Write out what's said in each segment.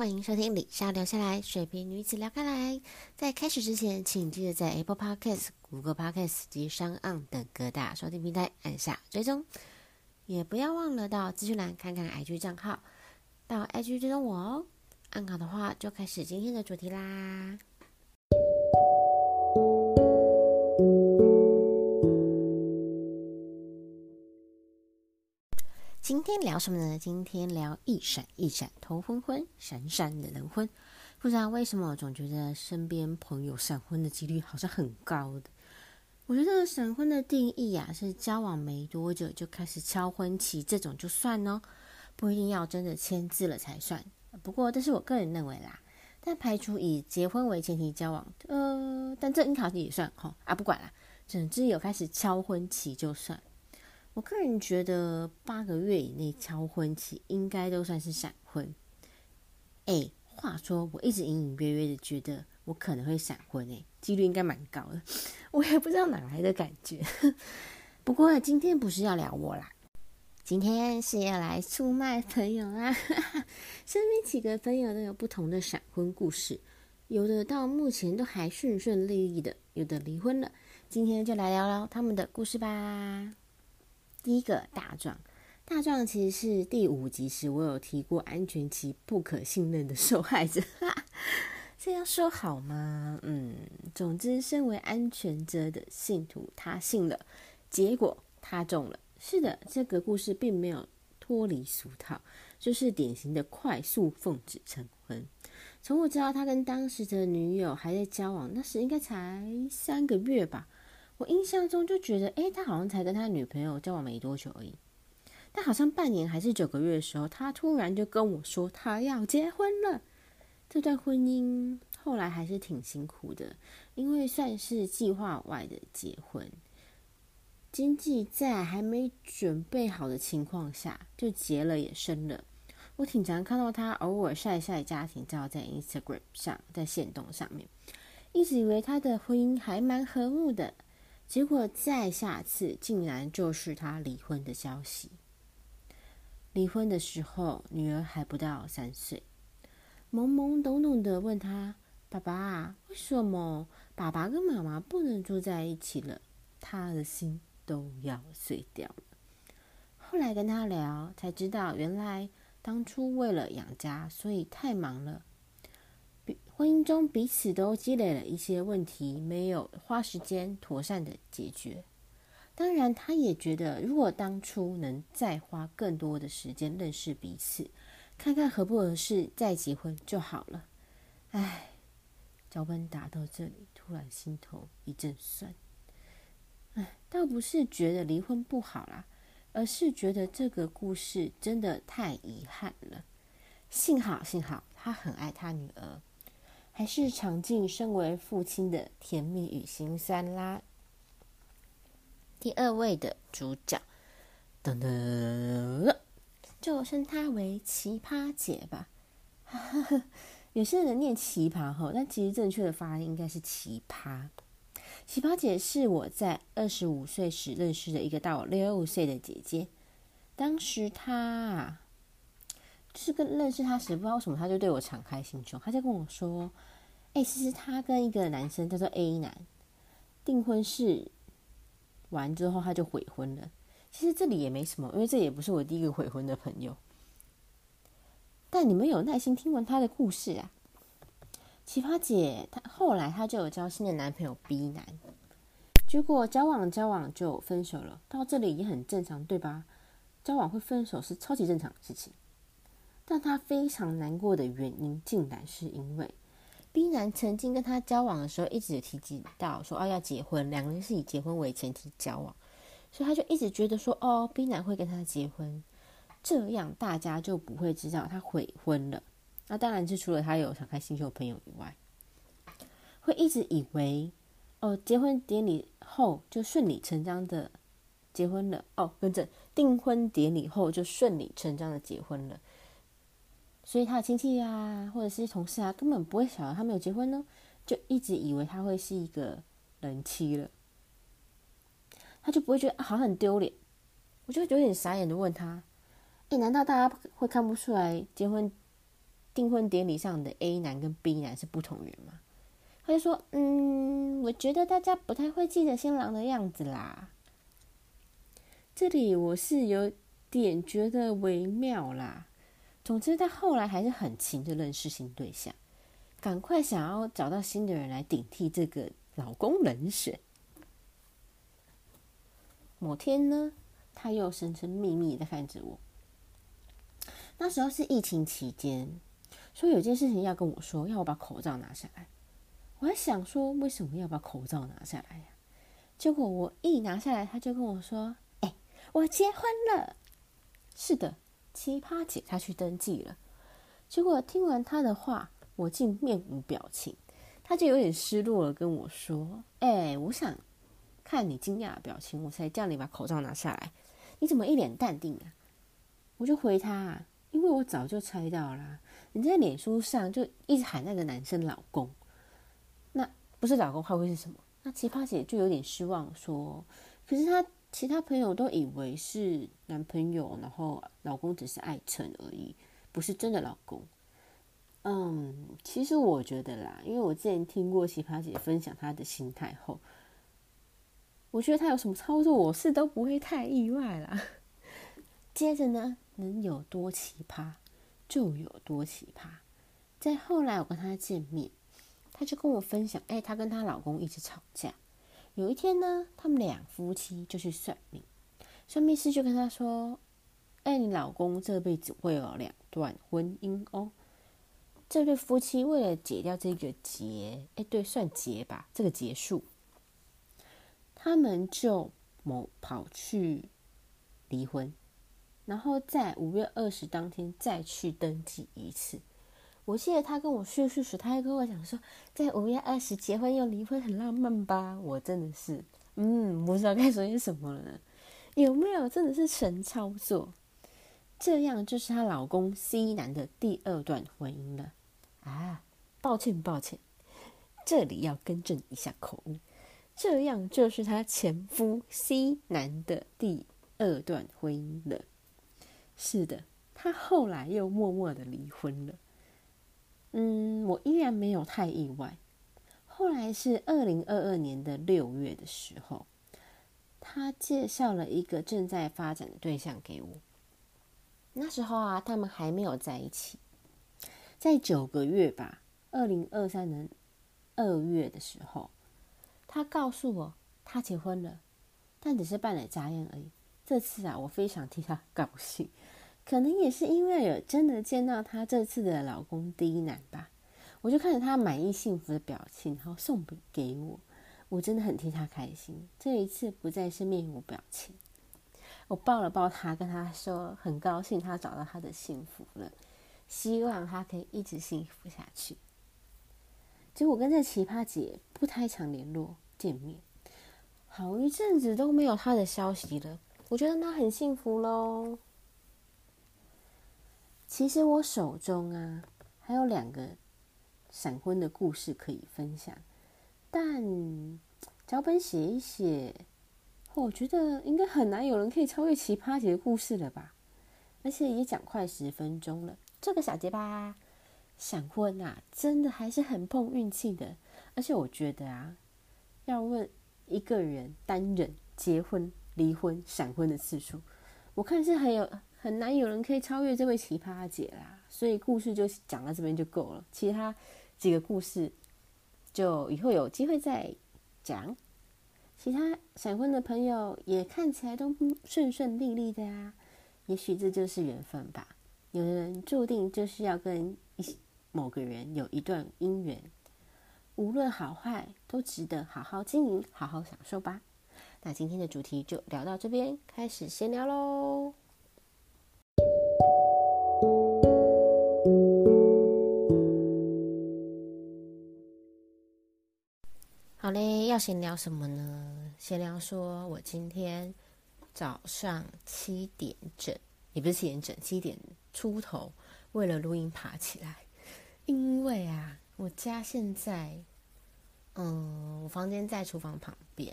歡迎收聽李莎留下來，水瓶女子聊開來。在開始之前，請記得在 Apple Podcast、Google Podcast 及 SoundOn 等各大收聽平台按下追蹤，也不要忘了到資訊欄看看 IG 賬號，到 IG 追蹤我哦。按好的話，就開始今天的主題啦。今天聊什麼呢？今天聊一閃一閃頭昏昏，閃閃的惹人婚。不知道為什麼，總覺得身邊朋友閃婚的幾率好像很高的。我覺得閃婚的定義啊，是交往沒多久就開始敲婚期，這種就算哦，不一定要真的簽字了才算。不過，這是我個人認為啦，但排除以結婚為前提交往，呃，但這櫻桃姐也算哈、哦、啊，不管啦，總之有開始敲婚期就算。我個人覺得，八個月以內敲婚期應該都算是閃婚。哎、欸，話說我一直隱隱約約的覺得我可能會閃婚，哎、欸，幾率應該蠻高的。我也不知道哪來的感覺。不過、啊、今天不是要聊我啦，今天是要來出賣朋友啦、啊。 身邊幾個朋友都有不同的閃婚故事，有的到目前都還順順利利的，有的離婚了。今天就來聊聊他們的故事吧。第一個大壯，大壯其實是第五集時我有提過，安全期不可信任的受害者， 這樣說好嗎？嗯，總之，身為安全者的信徒，他信了，結果他中了。是的，這個故事並沒有脫離俗套，就是典型的快速奉子成婚。從我知道他跟當時的女友還在交往，那時應該才三個月吧。我印象中就覺得，哎、欸，他好像才跟他女朋友交往沒多久而已。但好像半年還是九個月的時候，他突然就跟我說他要結婚了。這段婚姻後來還是挺辛苦的，因為算是計劃外的結婚，經濟在還沒準備好的情況下就結了也生了。我挺常看到他偶爾曬曬家庭照在 Instagram 上，在限動上面，一直以為他的婚姻還蠻和睦的。結果，再下次竟然就是他離婚的消息。離婚的時候，女兒還不到三歲，懵懵懂懂的問他：“爸爸啊，為什麼爸爸跟媽媽不能住在一起了？”他的心都要碎掉了。後來跟他聊，才知道原來當初為了養家，所以太忙了。婚姻中彼此都積累了一些問題，沒有花時間妥善的解決。當然，他也覺得如果當初能再花更多的時間認識彼此，看看合不合適再結婚就好了。唉，腳本打到這裡，突然心頭一陣酸。唉，倒不是覺得離婚不好啦，而是覺得這個故事真的太遺憾了。幸好，幸好，他很愛他女兒。還是嚐盡身為父親的甜蜜與辛酸啦。第二位的主角，等等，就稱她為奇葩姐吧。有些人念奇葩吼，但其實正確的發音應該是奇葩。奇葩姐是我在二十五歲時認識的一個大我六歲的姐姐，當時她。就是跟認識他時不知道為什麼，他就對我敞開心胸。他在跟我說：“哎、欸，其實他跟一個男生叫做 A 男訂婚式完之後，他就悔婚了。其實這裡也沒什麼，因為這也不是我第一個悔婚的朋友。但你們有耐心聽完他的故事啊，奇葩姐。他後來他就有交新的男朋友 B 男，結果交往交往就分手了。到這裡也很正常，對吧？交往會分手是超級正常的事情。”讓他非常難過的原因，竟然是因為 B 男曾經跟他交往的時候，一直有提及到說：“哦，要結婚，兩個人是以結婚為前提交往。”所以他就一直覺得說：“哦，B 男會跟他結婚，這樣大家就不會知道他悔婚了。”那當然是除了他有敞開心胸的朋友以外，會一直以為：“哦，結婚典禮後就順理成章的結婚了。”哦，更正，訂婚典禮後就順理成章的結婚了。所以他的親戚呀、啊，或者是同事啊，根本不會曉得他沒有結婚呢，就一直以為他會是一個人妻了。他就不會覺得、啊、好很丟臉。我就會覺得有點傻眼的問他：“哎，難道大家會看不出來結婚訂婚典禮上的 A 男跟 B 男是不同人嗎？”他就說：“嗯，我覺得大家不太會記得新郎的樣子啦。”這裡我是有點覺得微妙啦。總之，他後來還是很勤的認識新對象，趕快想要找到新的人來頂替這個老公人選。某天呢，他又神神秘秘的看着我。那時候是疫情期間，說有件事情要跟我說，要我把口罩拿下來。我還想說，為什麼要把口罩拿下來呀？結果我一拿下來，他就跟我說：“哎，我結婚了。”是的。奇葩姊她去登記了，結果聽完她的話，我竟面無表情，她就有點失落了，跟我說：“欸，我想看你驚訝的表情，我才叫你把口罩拿下來，你怎麼一臉淡定啊？”我就回她：“因為我早就猜到了，你在臉書上就一直喊那個男生老公，那不是老公，還會是什麼？”那奇葩姊就有點失望說：“可是她……”其他朋友都以為是男朋友，然後老公只是愛稱而已，不是真的老公。嗯，其實我覺得啦，因為我之前聽過奇葩姐分享她的心態後，我覺得她有什麼操作，我是都不會太意外啦。接着呢，能有多奇葩，就有多奇葩。再後來我跟她見面，她就跟我分享，哎、欸，她跟她老公一直吵架。有一天呢，他們兩夫妻就去算命，算命師就跟他說：“哎、欸，你老公這輩子會有兩段婚姻哦。”這對夫妻為了解掉這個結，哎、欸，對，算結吧，這個結束，他們就某跑去離婚，然後在五月二十當天再去登記一次。我記得他跟我敘述時，他還跟我講說，在五月二十結婚又離婚很浪漫吧？我真的是，嗯，不知道該說些什麼了呢。有沒有真的是神操作？這樣就是她老公 C 男的第二段婚姻了。啊，抱歉抱歉，這裡要更正一下口誤。這樣就是她前夫 C 男的第二段婚姻了。是的，他後來又默默的離婚了。嗯，我依然沒有太意外。後來是二零二二年的六月的時候，他介紹了一個正在發展的對象給我。那時候啊，他們還沒有在一起，在九個月吧，二零二三年二月的時候，他告訴我他結婚了，但只是辦了家宴而已。這次啊，我非常替他高興。可能也是因為有真的見到她這次的老公第一男吧，我就看着她滿意幸福的表情，然後送給我，我真的很替她開心。這一次不再是面無表情，我抱了抱她，跟她說很高興她找到她的幸福了，希望她可以一直幸福下去。結果跟這奇葩姐不太常聯絡見面，好一陣子都沒有她的消息了，我覺得她很幸福嘍。其實我手中啊，還有兩個閃婚的故事可以分享，但腳本寫一寫，我覺得應該很難有人可以超越奇葩姊的故事了吧？而且也講快十分鐘了，做個小結吧。閃婚啊，真的還是很碰運氣的。而且我覺得啊，要問一個人單人結婚、離婚、閃婚的次數，我看是還有。很難有人可以超越這位奇葩姐啦，所以故事就講到這邊就夠了。其他幾個故事就以後有機會再講。其他閃婚的朋友也看起來都順順利利的啊，也許這就是緣分吧。有的人注定就是要跟一某個人有一段姻緣，無論好壞都值得好好經營、好好享受吧。那今天的主題就聊到這邊，開始閒聊嘍。閒聊什麼呢？閒聊說，我今天早上七點整，也不是七點整，七點出頭，為了錄音爬起來，因為啊，我家現在，嗯，我房間在廚房旁邊，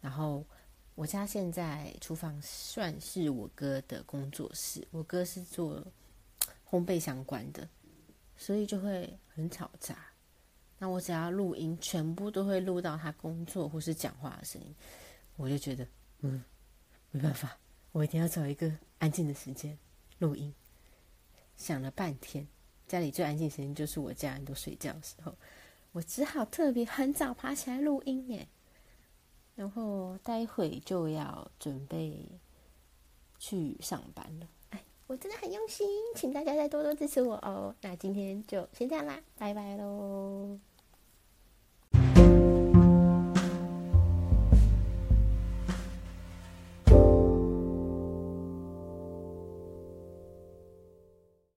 然後我家現在廚房算是我哥的工作室，我哥是做烘焙相關的，所以就會很吵雜。那我只要錄音，全部都會錄到他工作或是講話的聲音。我就覺得，嗯，沒辦法，我一定要找一個安靜的時間錄音。想了半天，家裡最安靜的時間就是我家人都睡覺的時候，我只好特別很早爬起來錄音耶。然後待會就要準備去上班了。哎，我真的很用心，請大家再多多支持我哦。那今天就先這樣啦，拜拜嘍。